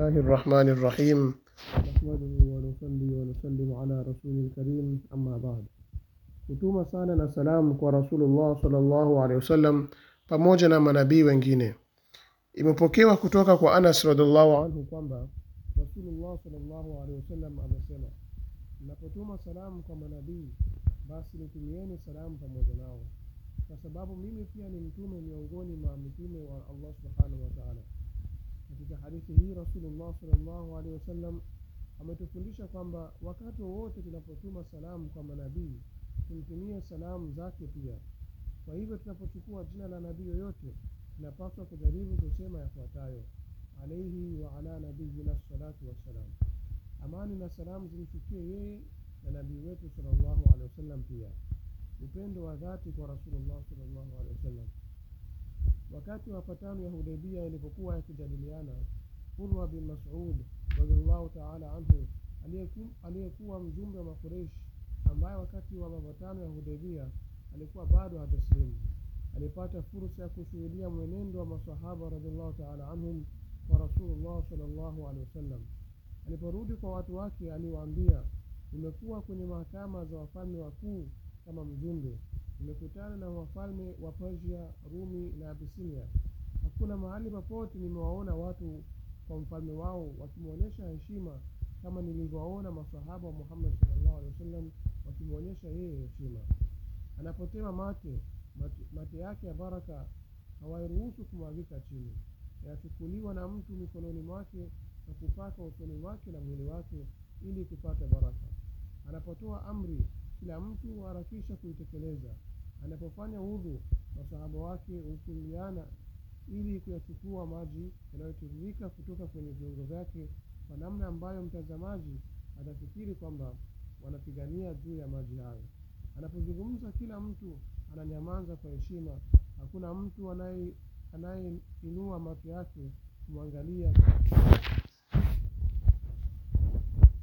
الله الرحمن الرحيم نحمده ونصلي ونسلم على رسول الكريم أما بعد kutuma sana na salamu kwa rasulullah salllahu alehi wasallam pamoja na manabii wengine imepokewa kutoka kwa anas radiallahu anhu kwamba rasulullah salllahu alehi wasallam amesema napotuma salamu kwa manabii basi nitumieni salamu pamoja nao kwa sababu mimi pia ni mtume miongoni mwa mitume wa allah subhanahu wataala katika hadithi hii Rasulullah sallallahu alaihi wasallam ametufundisha kwamba wakati wowote tunapotuma salamu kwa manabii tumtumie salamu zake pia. Kwa hivyo tunapochukua jina la nabii yoyote tunapaswa kujaribu kusema yafuatayo: alaihi wa ala nabiyina salatu wassalam, amani na salamu zimfikie yeye na nabii wetu sallallahu alaihi wasallam. Pia upendo wa dhati kwa Rasulullah sallallahu alaihi wasallam Wakati mapatano ya Hudaibia yalipokuwa yakijadiliana, Urwa bin Mas'ud radhiallahu taala anhu aliyekuwa mjumbe wa Makureishi ambaye wakati wa mapatano ya Hudaibia alikuwa bado hajaslimu alipata fursa ya kushuhudia mwenendo wa masahaba radhiallahu taala anhum wa Rasulullah sallallahu alaihi wasallam. Aliporudi kwa watu wake, aliwaambia nimekuwa kwenye mahakama za wafalme wakuu kama mjumbe Nimekutana na wafalme wa Persia, Rumi na Abisinia. Hakuna mahali popote nimewaona watu kwa mfalme wao wakimwonyesha heshima kama nilivyowaona masahaba wa Muhammad sallallahu alaihi wasallam wakimwonyesha yeye heshima. Anapotema mate, mate, mate yake ya baraka hawairuhusu kumwagika chini, yanachukuliwa na mtu mikononi mwake na kupaka usoni wake na mwili wake ili kupata baraka. Anapotoa amri kila mtu harakisha kuitekeleza. Anapofanya udhu, masahaba wake hukuliana ili kuyachukua maji yanayotiririka kutoka kwenye viungo vyake kwa namna ambayo mtazamaji atafikiri kwamba wanapigania juu ya maji hayo. Anapozungumza kila mtu ananyamaza kwa heshima. Hakuna mtu anayeinua macho yake kumwangalia.